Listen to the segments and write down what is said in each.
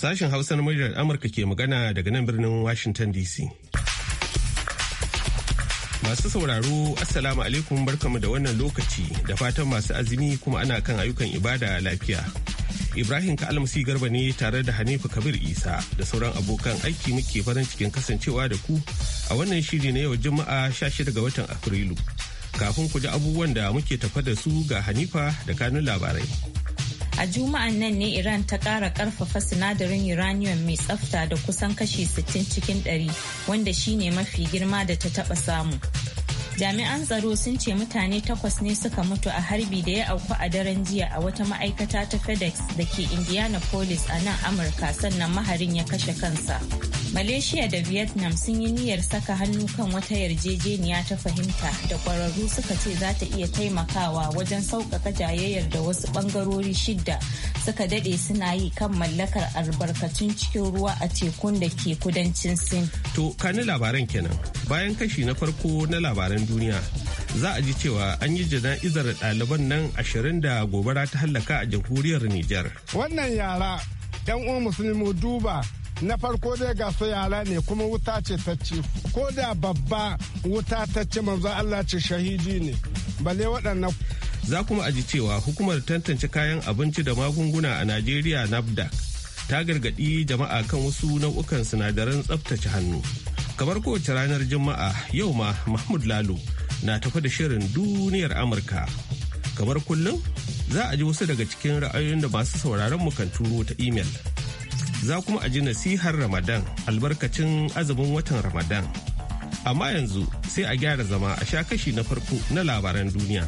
Sashen Hausa na muryar Amurka ke magana daga nan birnin Washington DC. Masu sauraro, Assalamu alaikum barkamu da wannan lokaci da fatan masu azumi kuma ana kan ayyukan ibada lafiya. Ibrahim ka almasi Garba ne tare da Hanifa Kabir Isa da sauran abokan aiki muke farin cikin kasancewa da ku a wannan shiri na yau Juma'a 16 ga watan Afrilu. Kafin ku ji abubuwan da muke tafa da su ga Hanifa da kanun labarai. A juma'an nan ne Iran ta ƙara ƙarfafa sinadarin uranium mai tsafta da kusan kashi 60 cikin 100 wanda shine mafi girma da ta taɓa samu. Jami'an tsaro sun ce mutane takwas ne suka mutu a harbi da ya auku a daren jiya a wata ma'aikata ta FedEx da ke Indianapolis a nan Amurka sannan maharin ya kashe kansa. malaysia da vietnam sun yi niyyar saka hannu kan wata yarjejeniya ta fahimta da kwararru suka ce za ta iya taimakawa wajen sauƙaƙa jayayyar da wasu ɓangarori shidda suka daɗe suna yi kan mallakar albarkatun cikin ruwa a tekun da ke kudancin sin to kani labaran kenan bayan kashi na farko na labaran duniya za a ji cewa an yi jana'izar ɗaliban nan ashirin da gobara ta hallaka a jamhuriyar Nijar. Wannan yara 'yan uwan musulmi duba na farko dai ga su yara ne kuma wuta ce ta ci ko da babba wuta ta ci manzo Allah ce shahidi ne bale waɗannan za kuma aji cewa hukumar tantance kayan abinci da magunguna a Najeriya NAFDAC ta gargaɗi jama'a kan wasu nau'ukan sinadaran tsaftace hannu kamar kowace ranar juma'a yau ma mahmud lalo na tafi da shirin duniyar amurka kamar kullum za a ji wasu daga cikin ra'ayoyin da masu sauraron mu kan turo ta imel za kuma a ji nasihar Ramadan albarkacin azumin watan Ramadan. Amma yanzu sai a gyara zama a sha kashi na farko na labaran duniya.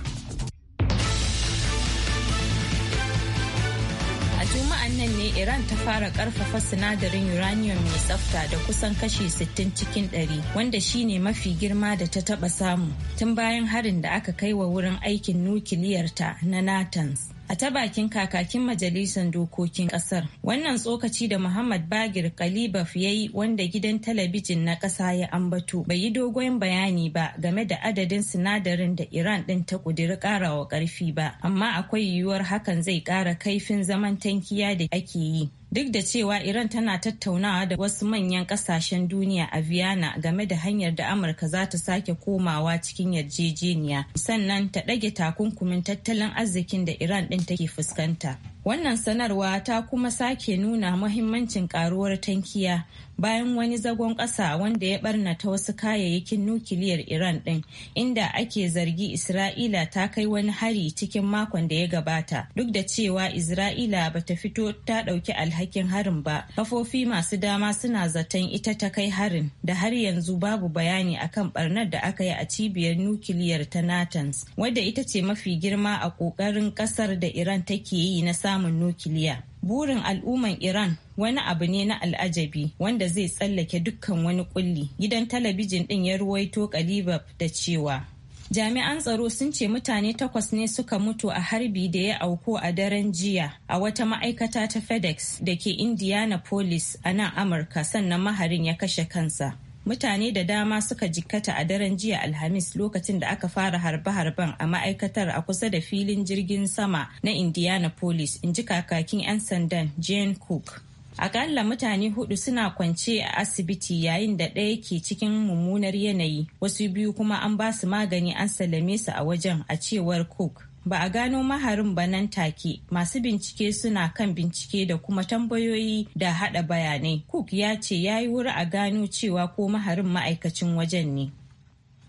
A juma'an nan ne Iran ta fara karfafa sinadarin uranium mai tsafta da kusan kashi 60 cikin 100 wanda shi ne mafi girma da ta taba samu tun bayan harin da aka kai wa wurin aikin nukiliyarta na Natanz. a ta bakin kakakin majalisar dokokin kasar wannan tsokaci da muhammad bagir kalibaf ya yi wanda gidan talabijin na kasa ya ambato bai yi dogon bayani ba game da adadin sinadarin da iran din ta kudiri karawa karfi ba amma akwai yiwuwar hakan zai kara kaifin zaman tankiya da ake yi duk da cewa iran tana tattaunawa da wasu manyan kasashen duniya a vienna game da hanyar da amurka za ta sake komawa cikin yarjejeniya sannan ta ɗage takunkumin tattalin arzikin da iran ɗin take fuskanta wannan sanarwa ta kuma sake nuna muhimmancin karuwar tankiya bayan wani zagon ƙasa wanda ya ta wasu kayayyakin nukiliyar Iran ɗin inda ake zargi Isra'ila ta kai wani hari cikin makon da ya gabata duk da cewa Isra'ila ba ta fito ta ɗauki alhakin harin ba kafofi masu dama suna zaton ita ta kai harin da har yanzu babu bayani akan barnar da aka yi a cibiyar nukiliyar ta Natanz wadda ita ce mafi girma a ƙoƙarin ƙasar da Iran take yi na samun nukiliya. burin al'umman iran wani abu ne na al'ajabi wanda zai tsallake dukkan wani kulli gidan talabijin din ya ruwaito kalibab da cewa jami'an tsaro sun ce mutane takwas ne suka mutu a harbi da ya auku a daren jiya a wata ma'aikata ta fedex da ke indianapolis a nan amurka sannan maharin ya kashe kansa mutane da dama suka jikkata a daren jiya alhamis lokacin da aka fara harbe-harben a ma'aikatar a kusa da filin jirgin sama na indianapolis in ji kakakin 'yan sandan jane cook akalla mutane hudu suna kwance a asibiti yayin da ɗaya ke cikin mummunar yanayi wasu biyu kuma an ba su magani an salame su a wajen a cewar cook ba a gano maharin ba nan take masu bincike suna kan bincike da kuma tambayoyi da hada bayanai cook ya ce ya yi wuri a gano cewa ko maharin ma'aikacin wajen ne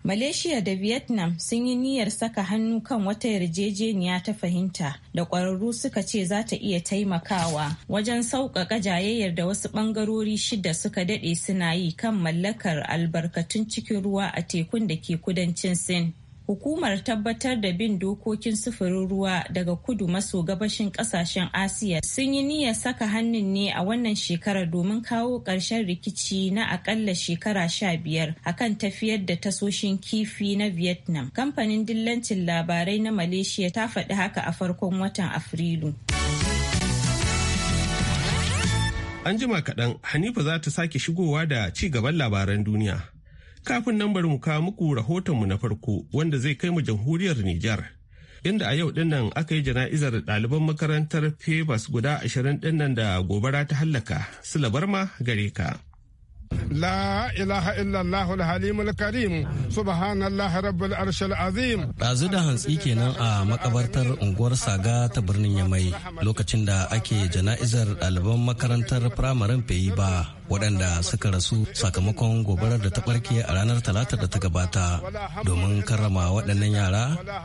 Malaysia da Vietnam sun yi niyyar saka hannu kan wata yarjejeniya ta fahimta da ƙwararru suka ce za ta iya taimakawa wajen sauƙaƙa jayayyar da wasu ɓangarori shida suka daɗe suna yi kan mallakar albarkatun cikin ruwa a tekun da ke kudancin Sin. hukumar tabbatar da bin dokokin sufurin ruwa daga kudu maso gabashin kasashen asiya sun yi niyyar saka hannun ne a wannan shekarar domin kawo ƙarshen rikici na aƙalla shekara sha biyar a kan tafiyar da tasoshin kifi na vietnam kamfanin dillancin labarai na malaysia ta faɗi haka a farkon watan afrilu an jima kaɗan hanifa za ta sake shigowa da ci gaban labaran duniya Kafin nan bari mu kawo muku rahotonmu na farko wanda zai kai mu jamhuriyar Nijar. Inda a yau dinnan aka yi jana'izar ɗaliban makarantar Fevers guda ashirin dinnan da gobara ta hallaka, silabar ma gare ka. la ilaha الحليم الكريم karim الله رب العرش azim Ɗazu da hantsi kenan a makabartar unguwar saga ta birnin yamai lokacin da ake jana'izar ɗaliban makarantar firamaren feyi ba waɗanda suka rasu sakamakon gobarar da ta ɓarke a ranar talata da ta gabata domin karrama waɗannan yara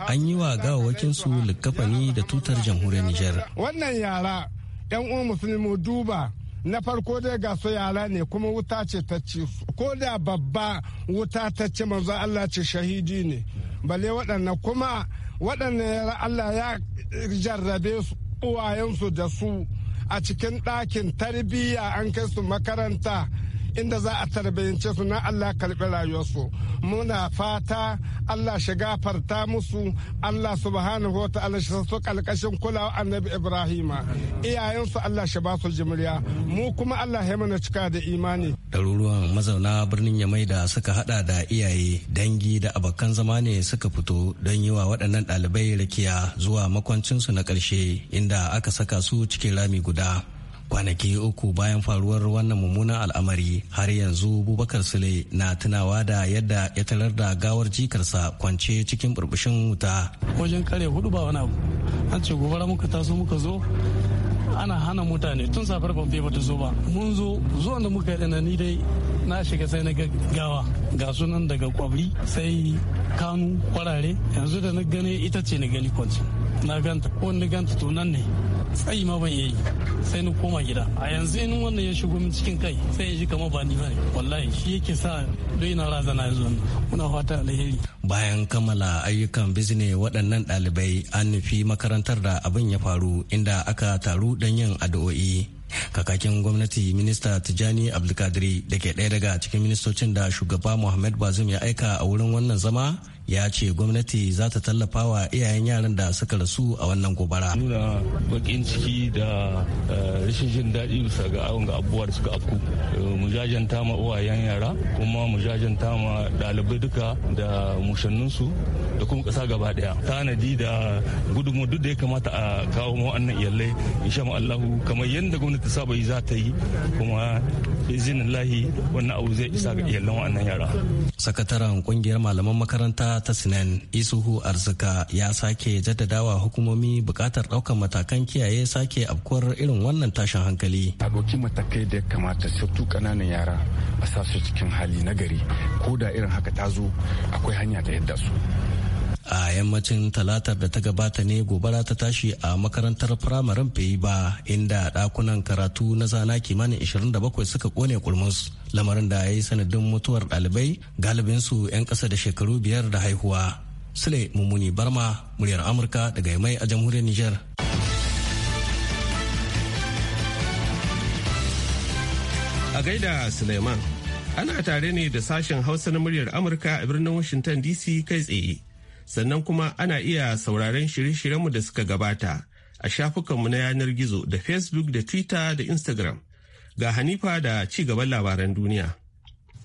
an yi wa gawawakinsu likkafani da tutar jamhuriyar nijar wannan yara 'yan uwan musulmi duba na farko dai ga su yara ne kuma wuta ce ta ci ko da babba wuta ta ci manzo Allah ce shahidi ne bale waɗannan kuma waɗannan Allah ya jarrabe su uwayensu da su a cikin ɗakin tarbiyya an kai su makaranta inda za a tarbiyance su na Allah karɓi rayuwarsu muna fata Allah shi gafarta musu Allah subhanahu wa ta'ala shi su kalkashin kulawa annabi Ibrahima iyayensu Allah shi ba su jimriya mu kuma Allah ya mana cika da imani ɗaruruwan mazauna birnin Yamai da suka hada da iyaye dangi da abokan zama ne suka fito don yi wa waɗannan ɗalibai rakiya zuwa makwancinsu na ƙarshe inda aka saka su cikin rami guda kwanaki uku bayan faruwar wannan mummunan al'amari har yanzu bubakar sule na tunawa da yadda ya tarar da gawar jikarsa kwance cikin burbushin wuta wajen kare hudu ba wani abu an ce gobara muka taso muka zo ana hana mutane tun safar famfe bata zo ba mun zo zuwan da muka yi ni dai na shiga sai na gawa ga sunan daga kwabri sai kanu kwarare yanzu da na gane ita ce na gani kwanci na ganta ko na ganta to nan ne tsayi ma ban yi sai ni koma gida a yanzu in wannan ya shigo min cikin kai sai ya ji kamar ba ni bane wallahi shi yake sa don yana razana yanzu wannan muna fata alheri bayan kammala ayyukan bizne waɗannan ɗalibai an nufi makarantar da abin ya faru inda aka taru don yin addu'o'i kakakin gwamnati minista tijani abdulkadiri da ke ɗaya daga cikin ministocin da shugaba muhammad bazum ya aika a wurin wannan zama ya ce gwamnati za ta tallafa wa iyayen yaran da suka rasu a wannan gobara. Nuna bakin ciki da eh, rashin jin daɗi bisa ga awon ga abubuwa da suka afku. Mu jajanta ma uwayen yara kuma mu jajanta ma ɗalibai duka da mushanninsu da kuma ƙasa gaba ɗaya. Tanadi da gudunmu duk da ya kamata a kawo ma wannan iyalai insha Allahu kamar yadda gwamnati saba yi za ta yi kuma izinin lahi wannan abu zai isa ga iyalan wannan yara sakataren kungiyar malaman makaranta ta sinan isuhu arzika ya sake jaddadawa hukumomi bukatar ɗaukar matakan kiyaye sake afkuwar irin wannan tashin hankali a ɗauki matakai da ya kamata surtu ƙananan yara a sa su cikin hali na gari ko da irin haka ta zo akwai hanya ta yadda su a yammacin talatar da ta gabata ne gobara ta tashi a makarantar firamaren ba inda dakunan karatu na zana kimanin 27 suka kone kulmus lamarin da ya yi sanadin mutuwar ɗalibai galibinsu 'yan ƙasa da shekaru biyar da haihuwa sule mummuni barma muryar amurka daga mai a jamhuriyar niger a gaida suleiman ana tare ne da sashen hausa na muryar amurka a birnin washington dc kai tsaye sannan kuma ana iya sauraron shirye-shiryenmu da suka gabata a shafukanmu na yanar gizo da facebook da twitter da instagram ga hanifa da ci gaban labaran duniya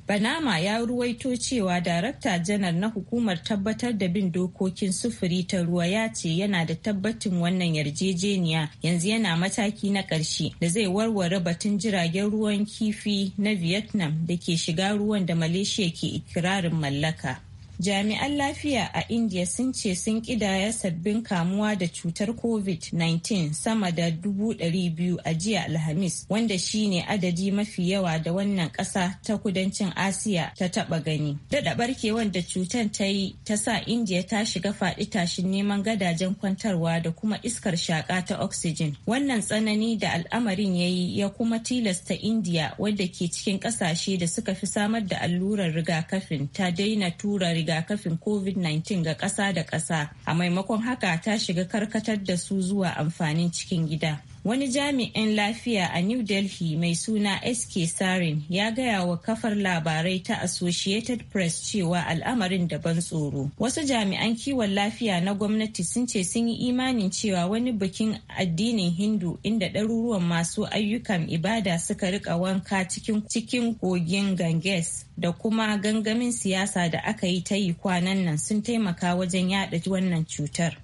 banama ya ruwaito cewa darakta janar na hukumar tabbatar da bin dokokin sufuri ta ruwa ya ce yana da tabbacin wannan yarjejeniya yanzu yana mataki na ƙarshe da zai warware batun jiragen ruwan kifi na vietnam da ke shiga ruwan da malaysia ke ikirarin mallaka Jami'an lafiya a India sun ce sun kidaya sabbin kamuwa da cutar COVID-19 sama da 200,000 a jiya Alhamis, wanda shine adadi mafi yawa da wannan kasa ta kudancin Asiya ta taba gani. Daɗa barkewar da cutar ta yi ta sa India ta shiga faɗi tashin neman gadajen kwantarwa da kuma iskar shaka ta oxygen. Wannan tsanani da al'amarin ya yi ya kuma tilasta indiya wadda ke cikin ƙasashe da suka fi samar da allurar rigakafin ta daina tura rigakafin rigakafin covid-19 ga ƙasa da ƙasa a maimakon haka ta shiga karkatar da su zuwa amfanin cikin gida Wani jami'in lafiya a New Delhi mai suna SK Sarin ya gaya wa kafar labarai ta Associated Press cewa al'amarin da ban tsoro. Wasu jami'an kiwon lafiya na gwamnati sun ce sun yi imanin cewa wani bikin addinin Hindu inda ɗaruruwan masu ayyukan ibada suka rika wanka cikin cikin kogin Ganges da kuma gangamin siyasa da aka yi ta yi kwanan nan sun taimaka wajen yada wannan cutar.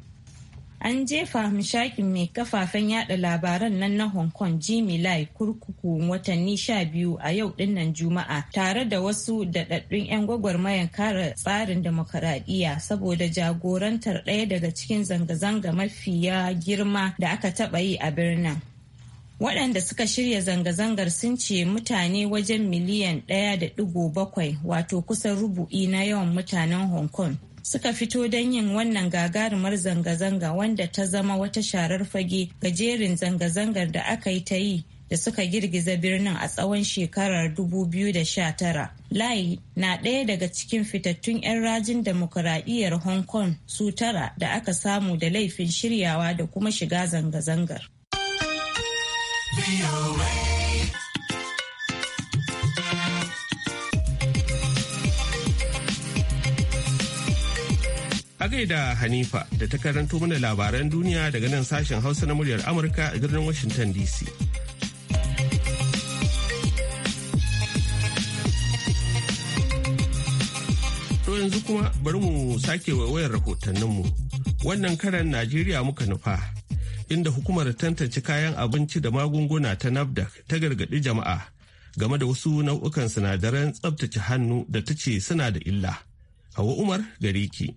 an jefa mishakin mai kafafen yada labaran nan na hong kong jimmy lai kurkuku watanni sha biyu a yau dinnan juma'a tare da wasu daɗaɗɗun 'yan gwagwarmayan kare tsarin demokaradiyya saboda jagorantar ɗaya daga cikin zanga-zanga mafiya girma da aka taɓa yi a birnin waɗanda suka shirya zanga-zangar sun ce mutane wajen miliyan ɗaya da bakwai wato kusan rubu'i na yawan mutanen hong kong suka fito don yin wannan gagarumar zanga-zanga wanda ta zama wata sharar fage ga jerin zanga-zangar da aka yi ta yi da suka girgiza birnin a tsawon shekarar 2019. Lai na ɗaya daga cikin fitattun 'yan rajin demokuraɗiyyar Hong Kong su tara da aka samu da laifin shiryawa da kuma shiga zanga-zangar. A gaida Hanifa da ta karanto mana labaran duniya daga nan sashen Hausa na muryar Amurka a birnin Washington DC. To yanzu kuma bari mu sake wayar rahotanninmu. Wannan karan Najeriya muka nufa. Inda hukumar tantance kayan abinci da magunguna ta NAFDAC ta gargaɗi jama'a game da wasu nau'ukan sinadaran tsabtace hannu da ta ce suna da illa. Hawa Umar gare ki.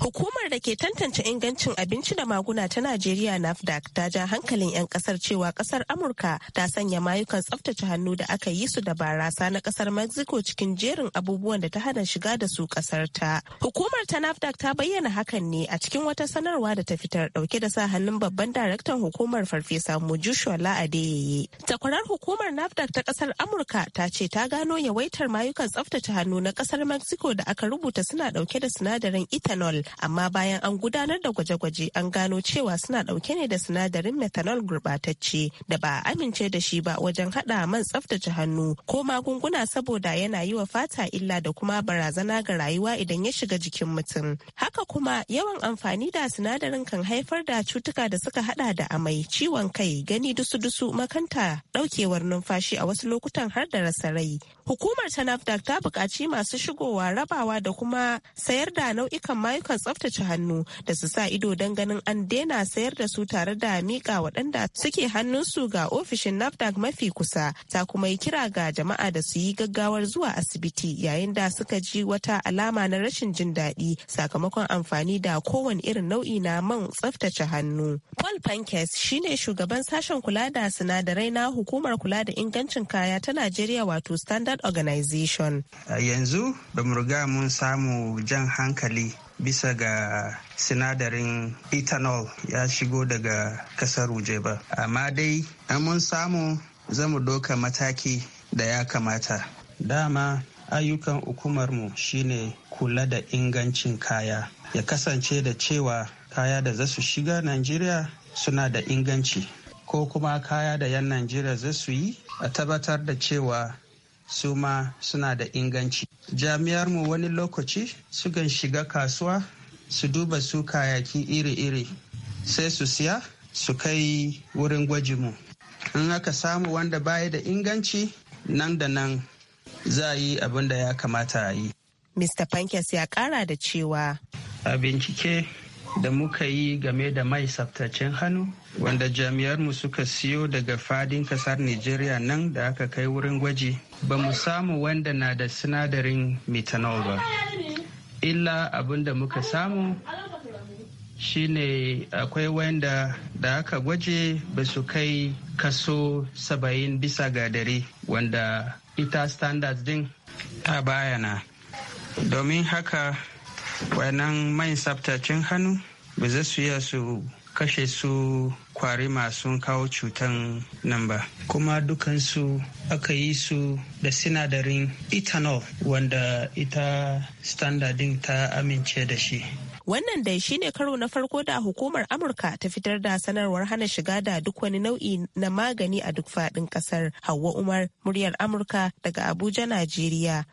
Hukumar da ke tantance ingancin abinci da maguna ta Najeriya NAFDAC ta ja hankalin 'yan kasar cewa kasar Amurka ta sanya mayukan tsaftace hannu da aka yi su da barasa na kasar Mexico cikin jerin abubuwan da ta hana shiga da su kasar ta. Hukumar ta NAFDAC ta bayyana hakan ne a cikin wata sanarwa da ta fitar dauke da sa hannun babban daraktan hukumar Farfesa Mujushu La'adeyeye. Takwarar hukumar NAFDAC ta kasar Amurka ta ce ta gano yawaitar mayukan tsaftace hannu na kasar Mexico da aka rubuta suna dauke da sinadarin ethanol methanol amma bayan an gudanar da gwaje-gwaje an gano cewa suna dauke ne da sinadarin methanol gurbatacce da ba a amince da shi ba wajen hada man tsaftace hannu ko magunguna saboda yana yi wa fata illa da kuma barazana ga rayuwa idan ya shiga jikin mutum haka kuma yawan amfani da sinadarin kan haifar da cutuka da suka hada da amai ciwon kai gani dusu-dusu makanta daukewar numfashi a wasu lokutan har da rasa rai hukumar ta ta buƙaci masu shigowa rabawa da kuma sayar da nau'ikan ayyukan tsaftace hannu da su sa ido don ganin an daina sayar da su tare da miƙa waɗanda suke hannunsu ga ofishin NAFDAC mafi kusa ta kuma yi kira ga jama'a da su yi gaggawar zuwa asibiti yayin da suka ji wata alama na rashin jin daɗi sakamakon amfani da kowane irin nau'i na man tsaftace hannu. Paul Pankes shine shugaban sashen kula da sinadarai na hukumar kula da ingancin kaya ta Najeriya wato Standard Organization. Yanzu ba riga mun samu jan hankali bisa ga sinadarin ethanol ya shigo daga kasar waje ba amma dai an mun samu zamu doka mataki da ya kamata dama ayyukan hukumarmu shine kula da ingancin kaya ya kasance da cewa kaya da zasu shiga najeriya suna da inganci ko kuma kaya da 'yan najeriya zasu yi a tabbatar da cewa su ma suna da inganci jami'ar mu wani lokaci sukan shiga kasuwa su duba su kayaki iri-iri sai su siya su kai wurin gwajinmu in aka samu wanda baya da inganci nan da nan za a yi abin da ya kamata a yi mr pankes ya kara da cewa a bincike da muka yi game da mai tsaftace hannu wanda mu suka siyo daga fadin kasar Nigeria nan da aka kai wurin gwaji ba mu samu wanda na da sinadarin methanol ba. Illa abin da muka samu shine akwai wanda da aka gwaje ba su kai kaso saba'in bisa ga dare wanda ita standards din ta bayana. Domin haka wannan mai tsabtacin hannu ba za su iya su kashe su kwari masu kawo cutan nan ba kuma dukansu aka yi su da sinadarin ethanol wanda ita standardin ta amince da shi wannan dai shine karo na farko da hukumar amurka ta fitar da sanarwar hana shiga da duk wani nau'i na magani a duk faɗin ƙasar hawa umar muryar amurka daga abuja najeriya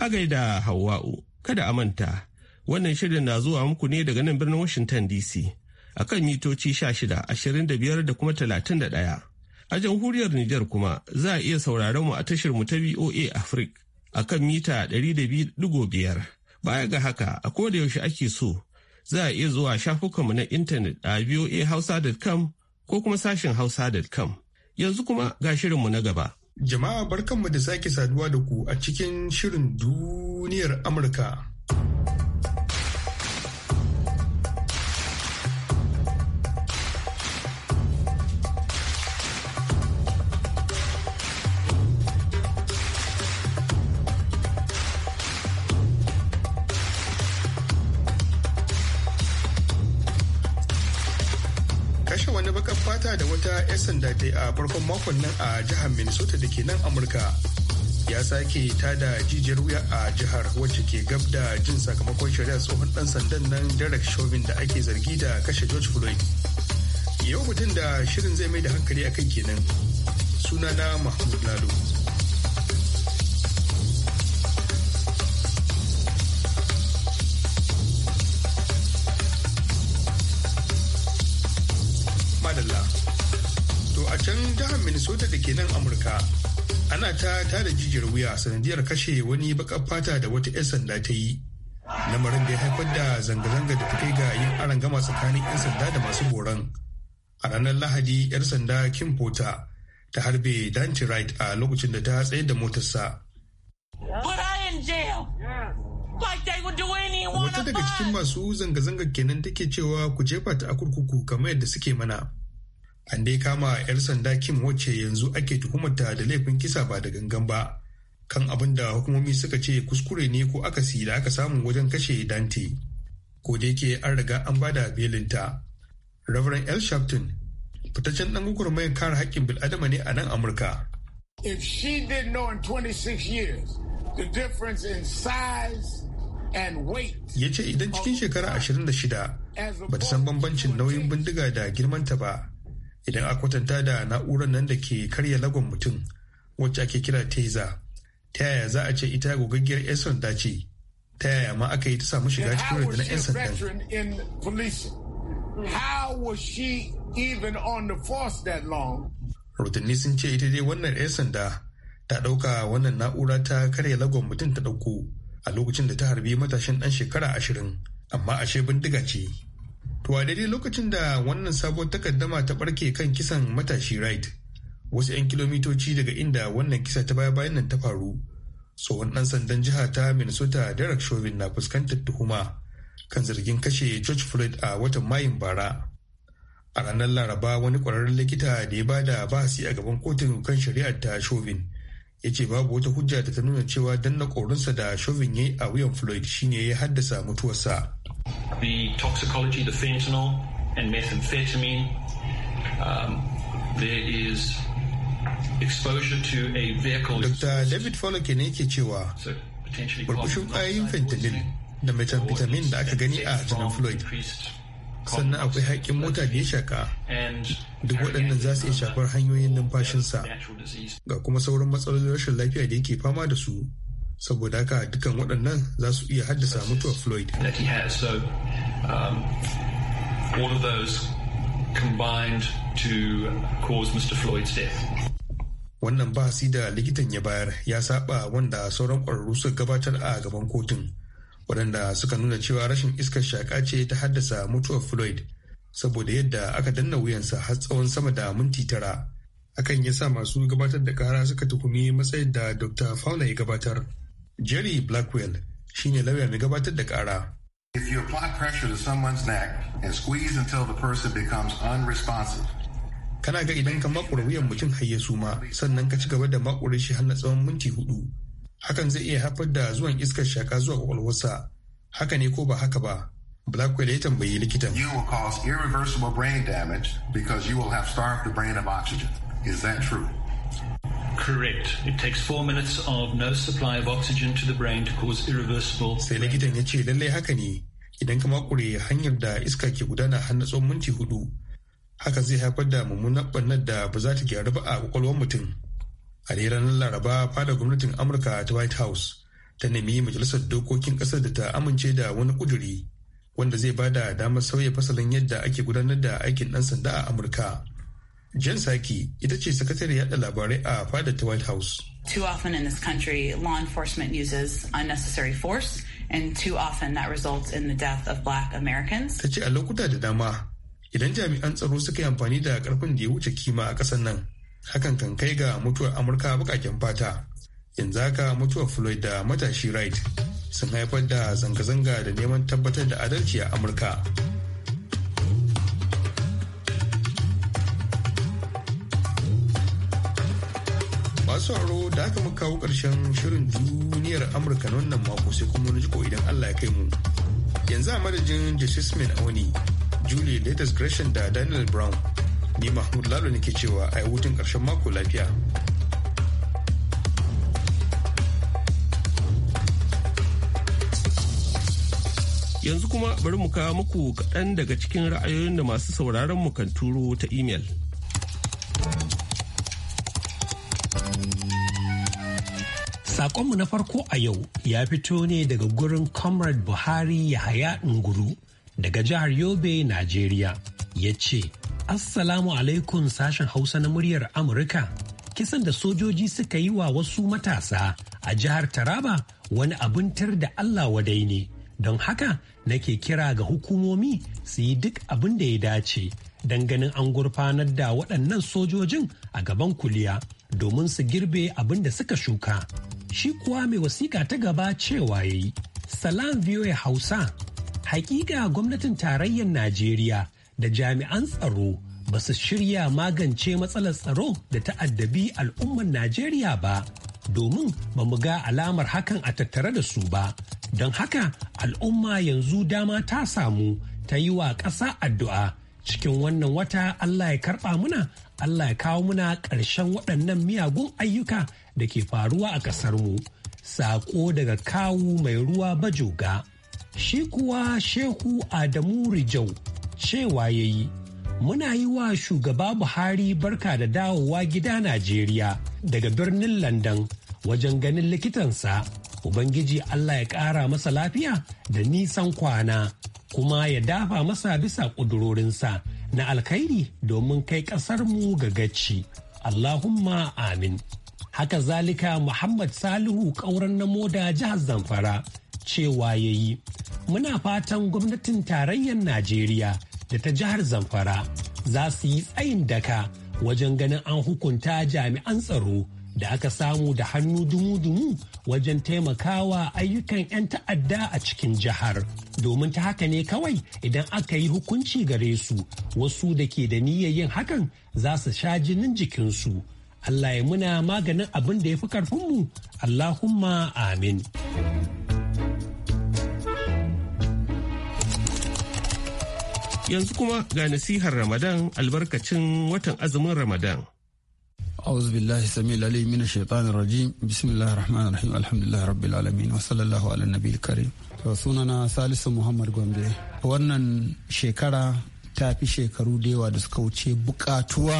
a gaida hawa'u kada a manta Wannan shirin na zuwa muku ne daga nan birnin Washington DC a kan mitoci 16, 25 da kuma 31. A jamhuriyar Nijar kuma za a iya sauraron mu a tashar mu ta VOA Africa a kan mita 200.5. Baya ga haka a koda yaushe ake so za a iya zuwa shafukanmu na intanet a voahausa.com ko kuma sashin hausa.com. Yanzu kuma ga shirinmu na gaba. Jama'a barkanmu da sake saduwa da ku a cikin shirin duniyar Amurka. 'yan sanda ta a farkon makon nan a jihar minnesota da ke nan amurka ya sake tada jijiyar wuya a jihar wacce ke gab da jin sakamakon shari'a tsohon ɗan sandan nan derek chauvin da ake zargi da kashe george floyd yau mutum da shirin zai mai da hankali akan kenan sunana mahmud lalo minnesota da ke nan amurka ana ta tada jijiyar wuya sanadiyar kashe wani bakar fata da wata 'yan sanda ta yi lamarin da ya haifar da zanga-zanga da ta kai ga yin gama tsakanin 'yan sanda da masu boron a ranar lahadi 'yar sanda kim pota ta harbe dante wright a lokacin da ta tsaye da motarsa wata daga cikin masu zanga-zanga kenan take cewa ku jefa ta a kurkuku kamar yadda suke mana an dai kama 'yar sanda kim wacce yanzu ake tuhumarta da laifin kisa ba da gangan ba kan abin da hukumomi suka ce kuskure ne ko akasi da aka samu wajen kashe dante ko da yake an riga an bada belinta reverend el shafton fitaccen dan gwagwarmayar kare haƙƙin bil'adama ne a nan amurka if she did know in 26 years the difference in size ya ce idan cikin shekara 26 bata san bambancin nauyin bindiga da girmanta ba idan a kwatanta da na'urar nan da ke karya lagon mutum wacce ake kira teza ta yaya za a ce ita gogaggiyar 'yan sanda ce ta yaya ma aka yi ta samu shiga cikin rundunar 'yan sanda rotanni sun ce ita dai wannan 'yan sanda ta ɗauka wannan na'ura ta karya lagon mutum ta ɗauko a lokacin da ta harbi matashin ɗan shekara ashirin amma ashe bindiga ce To a daidai lokacin da wannan sabon takaddama ta barke kan kisan matashi Wright, wasu 'yan kilomitoci daga inda wannan kisa ta baya bayan nan ta faru, tsohon ɗan sandan jiha ta Minnesota Derek Chauvin na fuskantar tuhuma kan zargin kashe George Floyd a watan Mayun bara. A ranar Laraba wani ƙwararren likita da ya bada bahasi a gaban kotun kan shari'ar ta Chauvin ya ce babu wata hujja da ta nuna cewa danna korinsa da shovin yayi a wuyan floyd shine ya haddasa mutuwarsa the toxicology the fentanyl and methamphetamine um, there is exposure to a vehicle dr david fowler ne ke cewa burbushin kwayoyin fentanyl da methamphetamine da aka gani a jinin floyd sannan akwai haƙƙin mota da ya shaƙa duk waɗannan za su iya shafar hanyoyin numfashinsa ga kuma sauran matsalolin rashin lafiya da yake fama da su saboda haka dukkan waɗannan za su iya haddasa mutuwar floyd um, wannan bahasi da likitan ya bayar ya saba wanda sauran ƙwararru suka gabatar a gaban kotun waɗanda suka nuna cewa rashin iskar shaƙa ce ta haddasa mutuwar floyd saboda yadda aka danna wuyansa har tsawon sama da minti tara hakan ya sa masu gabatar da kara suka tuhumi matsayin da dr fauna ya gabatar jerry blackwell shine lauya na gabatar da kara If you apply pressure to someone's neck and squeeze until the person becomes unresponsive, kana ga idan ka makura wuyan mutum har ya suma sannan ka ci gaba da makure shi har na tsawon minti hudu hakan zai iya haifar da zuwan iskar shaka zuwa kwakwalwarsa haka ne ko ba haka ba blackwell ya tambayi likitan you will cause irreversible brain damage because you will have starved the brain of oxygen is that true Correct. It takes four minutes of no supply of oxygen to the brain to cause irreversible. Sai likitan ya ce lallai haka ne idan ka makure hanyar da iska ke gudana har na tsawon minti hudu. Haka zai haifar da mummunan ɓannar da ba za ta gyaru ba a kwakwalwar mutum. a ranar laraba fada gwamnatin amurka ta white house ta nemi majalisar dokokin kasar da ta amince da wani kuduri wanda zai ba da damar sauya fasalin yadda ake gudanar da aikin dan sanda a amurka jan saki ita ce sakatare yada labarai a fadar ta white house Too often in this country, law enforcement uses unnecessary force, and too often that results in the death of black Americans. Ta ce a lokuta da dama, idan jami'an tsaro suka yi amfani da karfin da ya wuce kima a ƙasar nan, hakan kan kai ga mutuwar amurka bukaken fata yanzu haka mutuwar floyd da matashi wright sun haifar da zanga-zanga da neman tabbatar da adalci a amurka masu haro da aka muka kawo ƙarshen shirin duniyar amurka na wannan mako sai kuma wani ko idan allah ya kai mu yanzu a madadin mai auni julie latest gresham da daniel brown ni mahmud lalo nake cewa a hutun ƙarshen mako lafiya yanzu kuma bari mu kawo muku kaɗan daga cikin ra'ayoyin da masu sauraron mu kan turo ta imel. Sakonmu na farko a yau ya fito ne daga gurin Comrade Buhari Yahaya Nguru daga jihar Yobe, Najeriya. Ya ce, Assalamu alaikum sashen Hausa na muryar Amurka. Kisan da sojoji suka yi wa wasu matasa a jihar Taraba wani abin tar da Allah wadai ne. Don haka nake kira ga hukumomi su yi duk abin da ya dace don ganin an gurfanar da waɗannan sojojin a gaban kuliya domin su girbe abin da suka shuka. Shi kuwa mai wasiƙa ta gaba cewa ya yi. Salam Hausa. Hakika gwamnatin tarayyar Najeriya da jami'an tsaro ba su shirya magance matsalar tsaro da ta'addabi al'ummar Najeriya ba domin ba mu ga alamar hakan a tattare da su ba. Don haka al'umma yanzu dama ta samu ta yi wa ƙasa addu'a cikin wannan wata Allah ya karɓa muna Allah ya kawo muna ƙarshen waɗannan miyagun ayyuka da ke faruwa a ƙasarmu. Saƙo daga kawu mai ruwa bajoga. Shi kuwa Shehu Adamu Rijau cewa ya yi muna yi wa shugaba buhari barka da dawowa gida najeriya daga birnin london wajen ganin likitansa ubangiji allah ya ƙara masa lafiya da nisan kwana kuma ya dafa masa bisa ƙudurorinsa na alkhairi domin kai ƙasarmu ga gaci allahumma amin haka zalika muhammad salihu ƙauren na moda jihar zamfara cewa ya yi muna fatan gwamnatin tarayyar najeriya da ta jihar Zamfara za su yi tsayin daka wajen ganin an hukunta jami'an tsaro da aka samu da hannu dumu-dumu wajen taimakawa ayyukan 'yan ta'adda a cikin jihar. Domin ta haka ne kawai idan aka yi hukunci gare su wasu da ke da niyyar yin hakan za su sha jinin jikinsu. Allah ya muna maganin abin da ya fi karfinmu, Allahumma amin. yanzu kuma ga nasihar ramadan albarkacin watan azumin ramadan أعوذ بالله السميع العليم من الشيطان الرجيم بسم الله الرحمن الرحيم الحمد لله رب العالمين وصلى الله على النبي الكريم sunana salisu muhammad gombe wannan shekara ta fi shekaru da yawa da suka wuce bukatuwa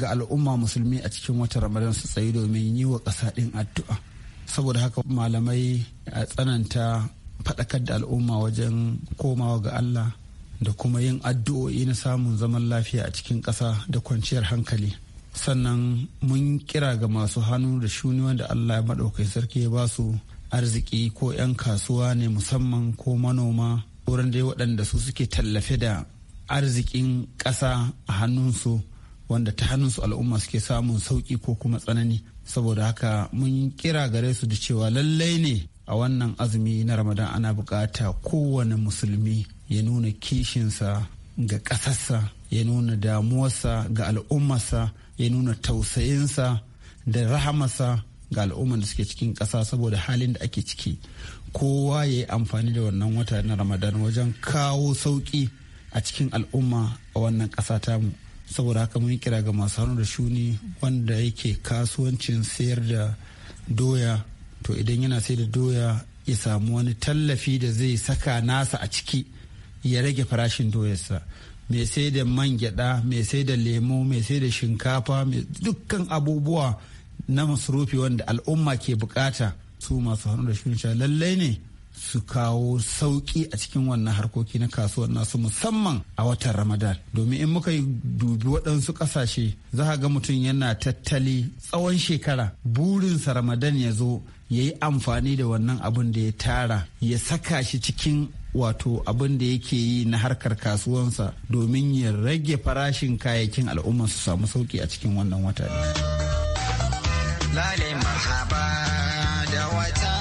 ga al'umma musulmi a cikin watan ramadan su tsayi domin yi wa ƙasa ɗin addu'a saboda haka malamai a tsananta faɗakar da al'umma wajen komawa ga allah da kuma yin addu'o'i na samun zaman lafiya a cikin ƙasa da kwanciyar hankali sannan mun kira ga masu hannu da shuni wanda allah maɗaukai sarki ya basu arziki ko 'yan kasuwa ne musamman ko manoma wurin dai waɗanda su suke tallafe da arzikin ƙasa a hannunsu wanda ta hannunsu al'umma suke samun sauƙi ko kuma tsanani saboda haka mun kira gare su da cewa lallai ne a wannan azumi na ramadan ana bukata kowane musulmi ya nuna kishinsa ga ƙasarsa ya nuna damuwarsa ga al'ummarsa ya nuna tausayinsa da rahamarsa ga al'ummar da suke cikin ƙasa saboda halin da ake ciki kowa ya yi amfani da wannan wata na ramadan wajen kawo sauƙi a cikin al'umma a wannan ƙasa tamu saboda haka mun kira ga masu hannu da shuni wanda yake kasuwancin sayar da doya to idan yana sai da doya ya samu wani tallafi da zai saka nasa a ciki ya rage farashin doyarsa mai sai da man gyada mai sai da lemo mai sai da shinkafa dukkan abubuwa na masarufi wanda al'umma ke bukata su masu hannu da sha lallai ne su kawo sauƙi a cikin wannan harkoki na kasuwar nasu musamman a watan ramadan domin in muka yi dubi waɗansu ƙasashe za ga mutum yana tattali tsawon shekara burinsa ramadan ya zo ya yi amfani da wannan abin da ya tara ya saka shi cikin wato abin da yake yi na harkar kasuwansa domin ya rage farashin kayayyakin al'umma su samu sauƙi a cikin wannan wata. Lale da wata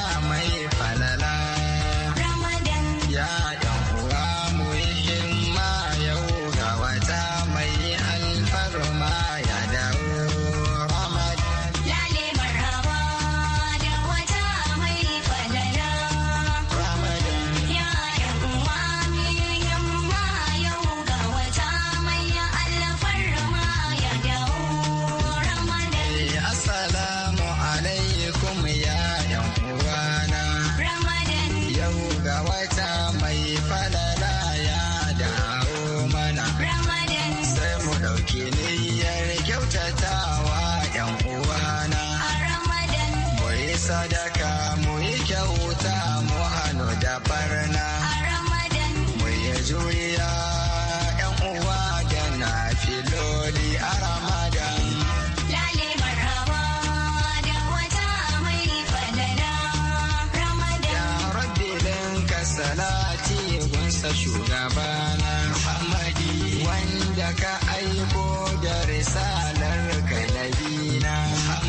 shugaba na Muhammadi wanda ka aiko da risalar na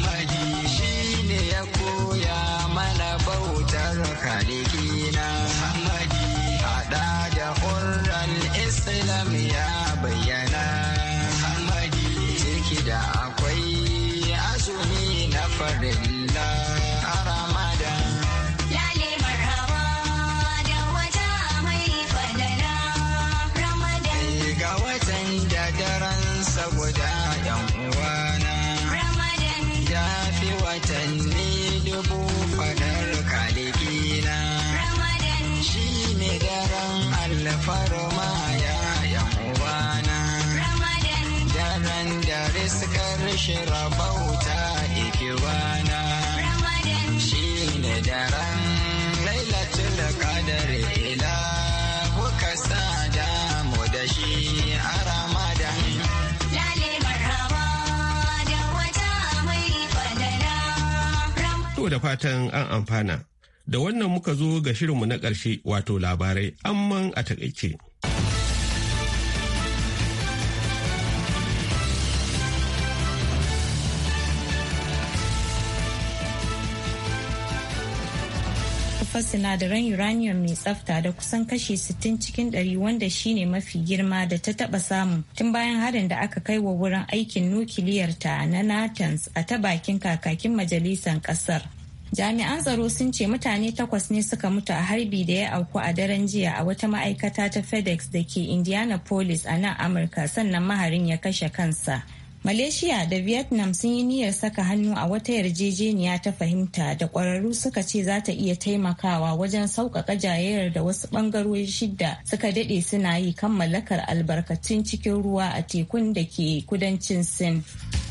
daren lailatul qadar ila kuka sa damu da shi a ramadan To da fatan an amfana, da wannan muka zo ga shirinmu na ƙarshe wato labarai, amman a taƙaice. sarrafa sinadaran uranium mai tsafta da kusan kashi 60 cikin 100 wanda shine mafi girma da ta taba samu tun bayan harin da aka kai wa wurin aikin nukiliyar ta na Natans a ta bakin kakakin majalisar kasar. Jami'an tsaro sun ce mutane takwas ne suka mutu a harbi da ya auku a daren jiya a wata ma'aikata ta FedEx da ke Indianapolis a nan Amurka sannan maharin ya kashe kansa. Malaysia da Vietnam sun yi niyyar saka hannu a wata yarjejeniya ta fahimta da ƙwararru suka ce za ta iya taimakawa wajen sauƙaƙa jayayyar da wasu ɓangarori shidda suka daɗe suna yi kan mallakar albarkatun cikin ruwa a tekun da ke kudancin Sin.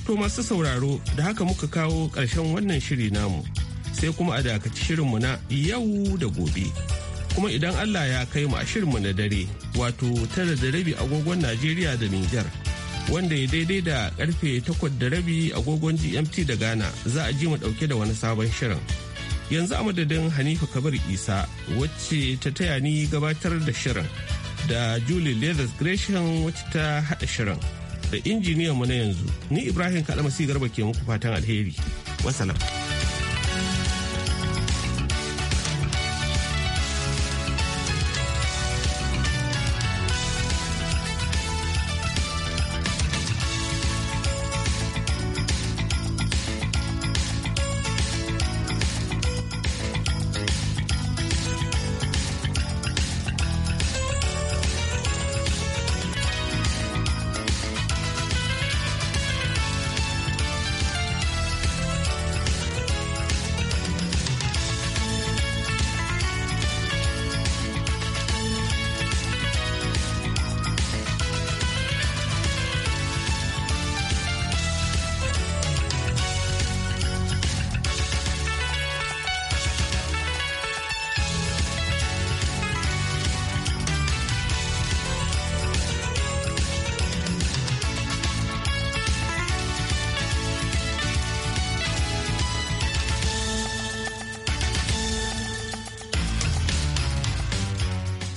To masu sauraro da haka muka kawo ƙarshen wannan shiri namu sai kuma a dakaci shirinmu na yau da gobe. kuma idan Allah ya kai mu a shirin mu na dare wato tara da rabi agogon Najeriya da Nijar wanda ya daidai da karfe takwas da rabi agogon gmt da ghana za a ji mu dauke da wani sabon shirin yanzu a madadin hanifa kabir isa wacce ta taya ni gabatar da shirin da julie leathers gresham wacce ta hada shirin da injiniyan mu na yanzu ni ibrahim kalamasi garba ke muku fatan alheri wasalam